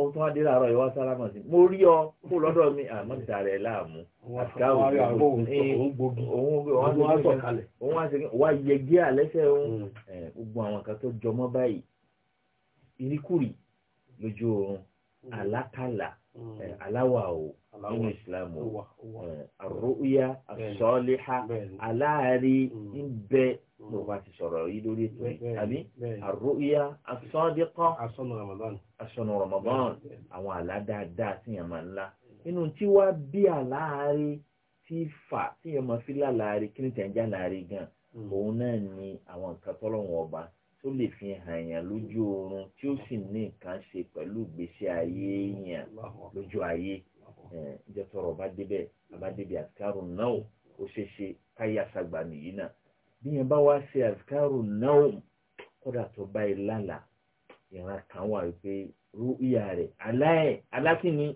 ó tún adé láàárọ̀ ìwà sálámà sí mo rí ọ kó lọ́dọ̀ mi àmọ́ ìta rẹ̀ láàmú àtikáwò òun àti wá yẹgé àlẹ́sẹ̀ òun mm. gbogbo àwọn kan tó jọmọ́ báyìí irikuri lójú oorun mm. alákàlà mm. aláwà nínú ìsìlámù àrùúyà àsọ́ọ́líhà aláàárí ń bẹ ló mm. bá ti sọ̀rọ̀ yìí lórí ètò yìí àbí àrùúyà àsọ́ọ́díkọ́ àsọ̀nù ramadan àwọn àlá dáadáa tí yẹn máa ń lá nínú tí wàá bí aláàárí tí fà tí yẹn máa fi láàárí kí ni tẹ̀ ń já láàárí gan mm. òun náà ni àwọn nǹkan tọ́lọ́wọ̀n ọba tó lè fi hàn yàn lójú oorun tí ó sì ní nǹkan ṣe pẹ̀lú ìgbésí ayé yàn lójú ayé. Eh, ǹjẹ́ tọrọ bá débẹ̀ bá débẹ̀ àtikáàrù náà ó ṣeé ṣe káyà sàgbà nìyí náà bí yẹn bá wá ṣe àtikáàrù náà kódà tó bá lálàá ìran kan wà wípé rú ìyá rẹ̀ aláẹ̀ alákìní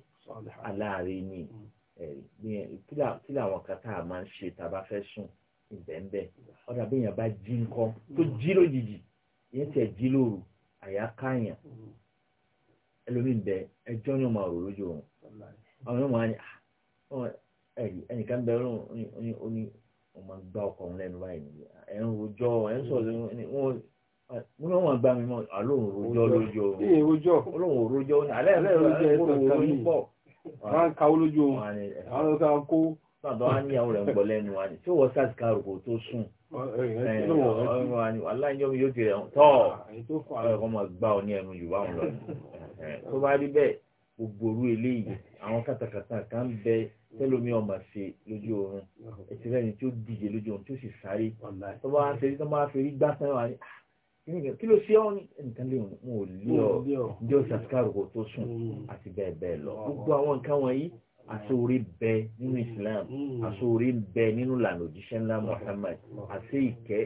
aláàárẹ̀ ni hmm. eh, kí làwọn kan tá a máa ń ṣe tá a bá fẹ́ sùn ìbẹ̀ǹbẹ̀ ọ̀dà bí yẹn bá jí nǹkan tó hmm. jí lójijì yẹn tẹ̀ jí lóru àyà káyàn hmm. ẹlòmíì bẹ ẹjọ́ yóò máa rò lójú òun àwọn yóò máa ní ah, ẹ̀rí ẹnìkan bẹ̀rẹ̀ lóhùn ó ní ọmọ gbá ọkọ̀ òun lẹ́nu báyìí nìyí ẹ̀ ń rojọ́ ẹ̀ ń sọ̀rọ̀ wọn mo náà wọn gbá mi mọ àlóhùn rojọ́ lójó olóhùn rojọ́ alẹ́ alẹ́ rojọ́ ẹ̀ sọ̀rọ̀ kàwé pọ̀ wọn ń kawó lójú wọn àwọn ọkọ̀ kó. sọ̀dọ̀ wọn ní ìyàwó rẹ̀ ń gbọ́ lẹ́nu wa ni tí wọ́n sars kárò kò tó sùn aláìjọ́ mi yóò ti rẹ̀ ah, tọ́ ọ̀rọ̀ kan máa ọ ní ẹnu jù báwọn lọ tó bá rí bẹ́ẹ̀ gbogbo orú eléyìí àwọn kàtàkàtà kan bẹ tẹlomi ọmọ ṣe lójú oorun ẹtì rẹ ni tí ó díje lójú oorun tí ó sì sáré tó bá wá ṣe tó bá fi rí gbá sẹ́wọ̀n àyè ah, kí ló ṣe ọ́ ní nǹkan lè mú ò lé ọ ní ọ̀sẹ̀ àtikáròkò tó sùn hmm. àti bẹ́ẹ̀ bẹ́ẹ̀ lọ gbogbo àwọn nǹkan wọ̀nyí àṣòrí bẹ nínú hmm. Islam àṣòrí hmm. bẹ nínú lànà òjíṣẹ́ ńlá Muhammad àṣẹ ìkẹ́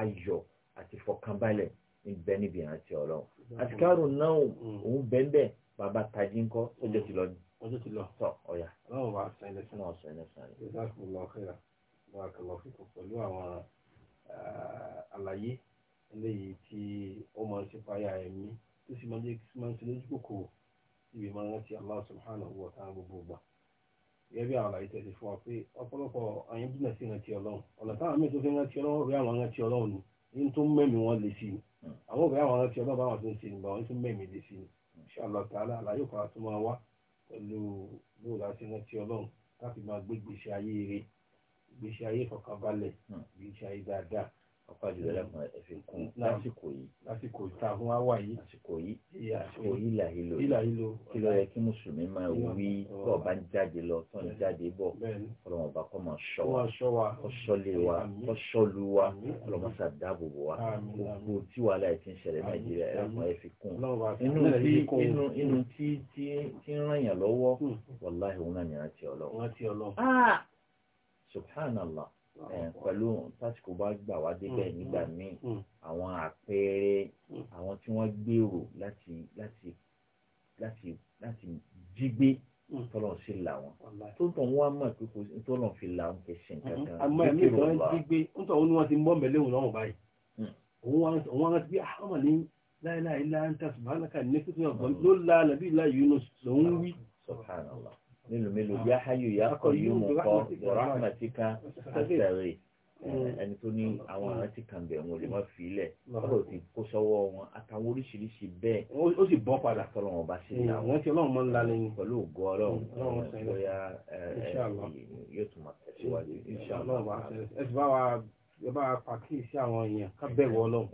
ayọ̀ àti fọkànbalẹ̀ ń bẹ níbi ìrántí Ọlọ́run àtikárò náà òun bẹ́ẹ̀ bàbá tají ńkọ́ ọjọ́ ti lọ ni. ọjọ́ ti lọ tọ ọ̀yà. ọlọ́run bá sọ ilé sínú ọ̀sán ilé sàn yìí. ìjọba kò lọ fẹ́ra wọn kò lọ fíkọ pẹ̀lú àwọn eh, àlàyé eléyìí tí ó máa ń ṣípayà ẹ̀mí tó sì máa ń jẹ́ kí máa ń ṣe lójú kòkòrò síbi máa ń rántí Allah subhanahu wa ta'ala gbogbo gbà. gẹ́gẹ́ bí àwọn àlàyé tẹ̀sí fún wa pé ọ̀pọ̀lọpọ̀ àyín jìnnà sí ìrántí ọlọ́run ọ̀nà táwọn míì tó fi rántí ọlọ́run rí àwọn rántí ọlọ́run ni ní tó mẹ́mí wọn lè sí ni àwọn òbí àwọn rántí ọlọ́run báwọn tó ń ṣe nígbà wọn tó mẹ́mí lè inshallah ta'ala àlàyé kan àti máa wá pẹ̀lú bóòlù àti rántí ọlọ́run láti máa gbé gbèsè ayé rẹ̀ gbèsè ayé fọkànbalẹ̀ hmm. gbèsè ayé dáadáa ọ̀pá jùlọ lẹ́kùn ẹ̀fẹ̀ kún lásìkò yìí. lásìkò ìtàkùn àwà yìí. lásìkò yìí àsìkò ìlà ìlò kí ló yẹ kí mùsùlùmí máa wí tó ọba ń jáde lọ tó ń jáde bọ̀ ọlọ́mọ ọba kọ́ máa ṣọ́ wa kọ́ ṣọ́lé wa kọ́ ṣọ́lu wa ọlọ́mọ sà dáàbò bò wa gbogbo tí wàhálà ẹ̀ ti ń ṣẹlẹ̀ nàìjíríà ẹ̀rọ̀kùn ẹ̀fẹ̀ kún. inú tí tí tí ń ràn yàn lọ́wọ́ hmm. wàláhì òun náà ni ah! Eh, pẹ̀lú tásìkò bá gbà wá débẹ̀ mm, nígbà mm, míì mm. àwọn àpẹẹrẹ àwọn tí wọ́n gbèrò láti láti láti láti jígbé tọ́lọ̀ sí là wọn tó ń tọ̀ wọ́n á mọ̀ pé kò sí tọ́lọ̀ fi là wọn kẹsì nǹkan mm-hmm. kan. àmọ́ ẹ̀mí ìtọ́ ń jígbé ń tọ̀ wọn ni wọ́n ti mọ́ mẹ́lẹ́wọ̀n lọ́wọ́ báyìí òun wá rántí bí àmọ̀ ní láéláé láńtà subhanaka ní kíkún ọ̀gbọ́n ló la nàbí ìlà Yunus lòún wí mélòó mélòó ah. yá háyò yá kọ yóò mú kọ rahmatika àtẹrẹ mm. ẹni tó ní mm. àwọn àrántí kan bẹ̀ wọn lè má fi ilẹ̀ mm. ọ̀rọ̀ ti kó sọ́wọ́ wọn àtàwọn oríṣiríṣi bẹ́ẹ̀ ó sì bọ́ padà tọ́lọ̀ wọn bá ṣe ìyàwó wọn ti ọlọ́run máa ń lálẹ́ yìí pẹ̀lú ògo ọlọ́run bóyá yóò tún máa tẹ̀síwájú ẹ ti bá wa ẹ bá wa pàkíyèsí àwọn èèyàn ká bẹ̀rù ọlọ́run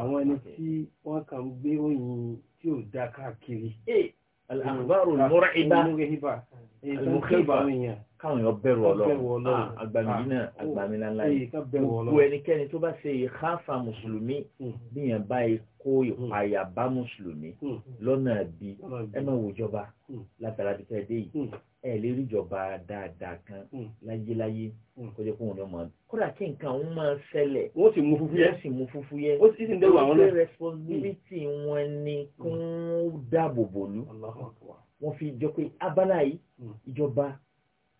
àwọn ẹni tí wọ́n kàn ń gbé òyìn tí ò dá káàkiri الأخبار المرعبة آه. إيه، المخيفة káwọn yọ bẹ̀rù Ọlọ́run agbami ah, náà agbami ah, oh, lánlá yìí gbogbo ẹnikẹ́ni tó bá ṣe ìkáfà mùsùlùmí hmm. bíyàn báyìí kó hmm. ìpayà bá mùsùlùmí hmm. lọ́nà bí ẹ máa wòjọba látara bí tẹ́lẹ̀ dé yìí ẹ lè rí ìjọba dáadáa kan láyéláyé kó jẹ́ kó wọn lọ mọ̀ kódà kí nǹkan òun máa ṣẹlẹ̀ wọ́n sì mú fúfú yẹ wọ́n sì mú fúfú yẹ ó sì dẹ́rù àwọn náà responsibility wọn ni kó dáàbò bòlú wọ́n fi jọ pé abala yìí ìjọba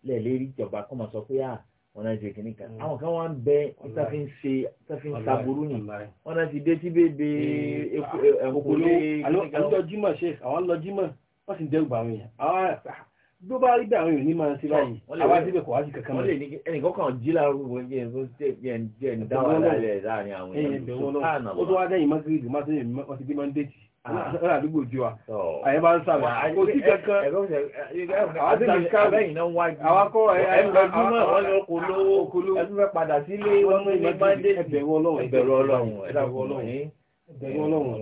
lẹ́ẹ̀lérí ìjọba kọ́ máa sọ pé à ah, wọn náà ṣe kìnnì kan mm. àwọn kan wá ń bẹ níta fi ń ṣe níta fi ń saburú ni wọn náà ti dé sí bèbè ekokole. àlọ́ jímọ̀ ṣe àwọn lọ jímọ̀ wọ́n sì ń dẹ́rù bá àwọn èèyàn ló bá rí bí àwọn èèyàn ní máa ṣe báyìí àwa síbẹ̀ kò wá sí kankan mọ́. ẹnìkan jí láàárọ̀ wọn jẹ́ ẹ̀sọ́ jẹ́ ẹ̀dá wà láàárín àwọn èèyàn. ó tó wá dẹ́yìn mọ́sílẹ̀ mọ́sílẹ̀ mọ́sílẹ̀ mọ́sílẹ̀ aláàrẹ àdúgbò jí wa àyẹ bá ń sàmì kò sí kankan àwọn akọ ẹgbẹ̀rún ọkọ̀ lówó ẹgbẹ́ padà sílé wọn ní ìgbàdé ẹbẹ̀rún ọlọ́run ẹbẹ̀rún ọlọ́run ẹbẹ̀rún ọlọ́run ẹbẹ̀rún ọlọ́run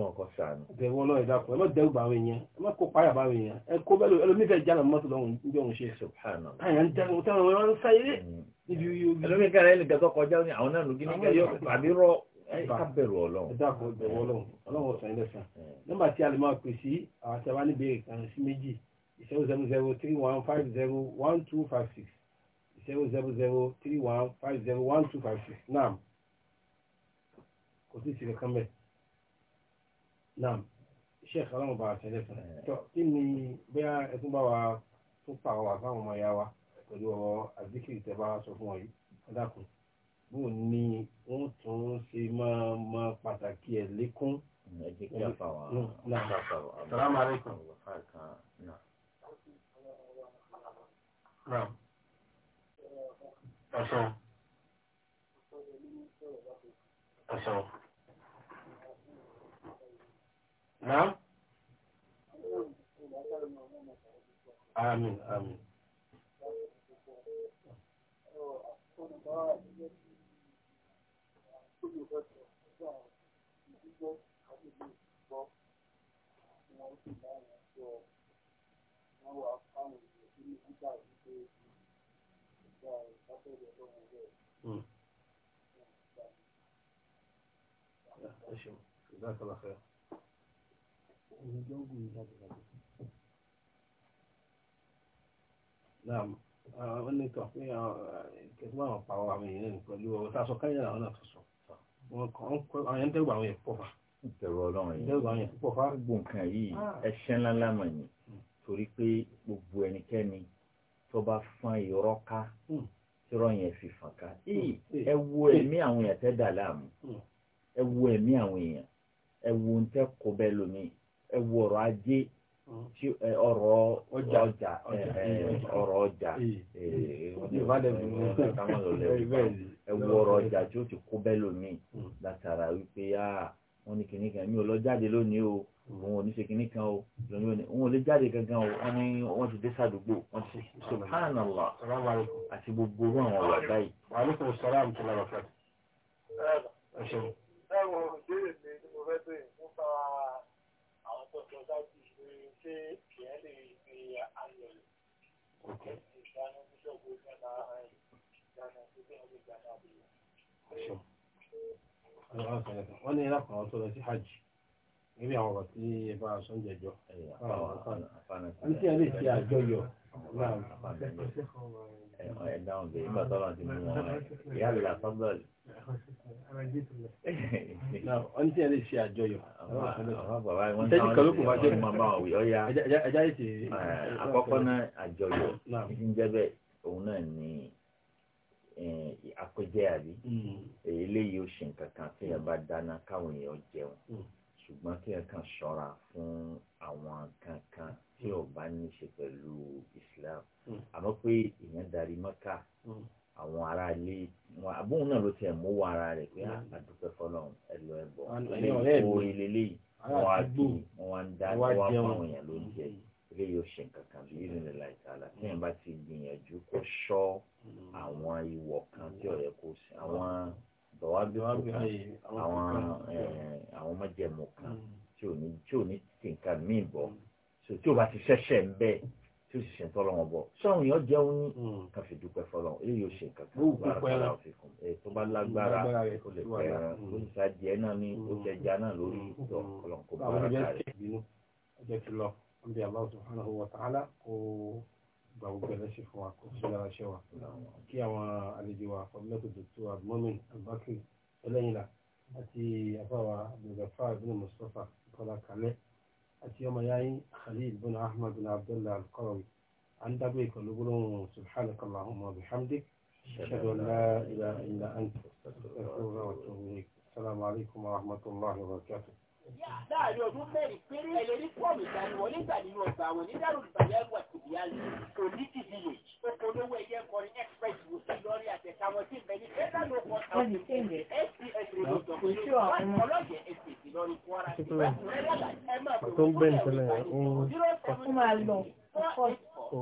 ẹbẹ̀rún ọlọ́run ẹ̀dàkùn ẹ má dẹ́rù bá àwọn èèyàn ẹ má kó páyà bá àwọn èèyàn ẹ kó bẹ́ẹ̀ ẹlòmífẹ́ jálà mọ́tò lọ́run níbi ọ̀hún ṣe sọ̀rọ̀ àyà ń tẹ́ ká bẹ̀rù ọlọ́run. ẹ dákun ẹ bẹ̀rù ọlọ́run ọlọ́run ọ̀sán ẹlẹ́sàn. nọ́mbà tí a lè máa pè sí àwọn tí a zero zero zero three one five zero one two five six zero zero zero three one five zero one two five six naam kò sí ìṣẹ̀lẹ̀ kan bẹ́ẹ̀ naam sheikh ọlọ́run bá aṣọ ẹlẹ́sàn. tó kí ni bóyá ẹtún bá wa tún pàrọwà fáwọn ọmọ ìyá wa pẹ̀lú ọ̀rọ̀ àdìkì ìtẹ̀bá sọ fún ọ yìí ẹ dákun bó ni wọ́n tún ṣe máa ma pàtàkì ẹ̀ lékún. ẹ jẹ́ kí a mm, mm, mm. fà wá. salamu aleykum. naam. ẹ̀sọ́. ẹ̀sọ́. naam. Amin, amin. Oh, جزاك الله خير نعم wọ́n ní tọ́ ah, àwọn pàwọ́ àwọn èèyàn pẹ̀lú ọ̀rọ̀ tá a sọ káyọ̀ àwọn náà tó sọ wọn kàn àwọn yẹn dẹ́gbà àwọn yẹn pọ̀ fa. ìtẹ̀rù ọlọ́run yìí dẹ́gbà àwọn yẹn pọ̀ fa. gbogbo nǹkan yìí ah. ẹṣẹ́ ńlá lámà ni hmm. torí pé gbogbo ẹnikẹ́ni tó bá fọ́n irọ́ ká hmm. irọ́ yẹn fi fọ́n ká hmm. ẹ wo ẹ̀mí àwọn yẹn tẹ́ dà láàmú ẹ wo ẹ̀mí àwọn èèyàn ẹ wo ń tẹ́ kó bẹ́ẹ̀ lómi ẹ wo ajé ọ̀rọ̀ ọjà ọ̀rọ̀ ọjà ẹwọ ọ̀rọ̀ ọjà tí ó ti kó bẹ́ẹ̀ lónìí mm. látara wípé wọ́n ní kìnnì kan mi ò lọ jáde lónìí o mm. òun ò ní ṣe kìnnì kan o lónìí òun ò lè jáde gangan o wọ́n ní wọ́n ti dé sàdúgbò wọ́n ti subhanallah àti gbogbo orú àwọn ọ̀rọ̀ báyìí. wàhálà kò sọ̀rọ̀ àmì tó lọ́wọ́ fẹ́. ẹ ṣeun. ṣé ìyẹn lè ṣe ayọ̀ rẹ̀ ìdáná bíṣọ̀ tó jẹ́ lára rẹ̀ ìdáná tó jẹ́ ọdún ìgbàlá rẹ̀. wọ́n ní ẹlẹ́kùn àwọn tó lọ sí hajj níbi àwọn ọ̀rọ̀ tí ẹ bá aṣọ ń jẹjọ. ní tí ẹ lè ṣe àjọyọ̀ ẹ̀dáhùn bèè nígbà tó wọn ti mú wọn ìyá mi là sọ́gbọ́n ni. wọ́n ní tí yẹn lè ṣe àjọyọ̀. ìtẹ́jú kan ló kù bá jẹ́ mọ́ bá wọn wì ọ́ ya. ẹja yìí ti. àkọ́kọ́ náà àjọyọ̀ ń jẹ́ bẹ́ẹ̀ òun náà ní àpèjẹ àbí eléyìí ó ṣe nǹkan kan tí yẹn bá dáná káwọn èèyàn jẹun ṣùgbọ́n kí yẹn kàn ṣọ́ra fún àwọn kankan tí ó bá ní ṣe pẹ̀lú Islam hmm. àmọ́ pé ìyẹn darí Mẹ́kà hmm. àwọn ará ilé wọn àbóhùn náà ló tiẹ̀ mówó ara rẹ̀ pé àdúpẹ́ ah, hmm. fọlọ́run ẹ̀lọ́ ẹ̀bọ̀ orí lélẹ́yìí wọn á gbé wọn wá ń dá wọn wá fáwọn èèyàn ló ń jẹ ilé yóò ṣe nǹkan kan bí ìrìn rẹ̀ láìtàlá tí èèyàn bá ti gbìyànjú kó ṣọ́ àwọn ìwọ̀ kan tí ọ̀rẹ́ kò sí àwọn bọ̀wábíwábí àwọn eh, àwọn májẹ̀mú kan tí ò ní tí ò ní tìǹkà míì bọ̀ so tí o bá ti ṣẹ̀ṣẹ̀ ń bẹ́ẹ̀ tí o sì ṣe tọ́lọ́wọ́n bọ̀ sọ́run yẹn jẹun ní hmm. ká fi dúpẹ́ fọlọ́ èyí yóò ṣe nǹkan kan tó bá lágbára o lè pẹ́ ẹran o sì sá jẹ́ náà ní o jẹ́ já náà lórí ìtọ́ hmm. ọlọ́run kó bára kárẹ̀. ọjọ́ ti lọ wọ́n bí Allah subhanahu wa ta'ala kó gba gbogbo ẹlẹ́sìn fún wa kó sí lára ṣẹ́ wa kí àwọn àlejò wa fọlọ́tò dòtò abdulmumin albakri ọlẹ́yìnlá àti àfáwà abdulgafar ibn mustapha kọ́lá kalẹ́ أتيما ياي خليل بن أحمد بن عبد الله القروي عن دبيك لقولون سبحانك اللهم وبحمدك أشهد أن لا إله إلا أنت أستغفرك وأتوب إليك السلام عليكم ورحمة الله وبركاته láàrin ọdún mẹ́rin péré ẹlẹ́rí pọ́ọ̀mù ìgbàlúwọlé ìgbà nínú ọgbà àwọn onídàrú ìgbàlẹ́rù àti ìyáàlú onídìí nílò òpolówó ẹyẹ kọrin express wòsàn lórí àtẹ̀ka wọn tí ìbẹ̀ni fẹ́ẹ́dà ló kọ́ ọ̀sán sps rẹ̀lọ́dọ̀ pé ọlọ́yẹ̀ ẹ̀sìn ìlọrin kwara ìgbà tó ń bẹ̀rẹ̀ tẹ́lẹ̀ ó máa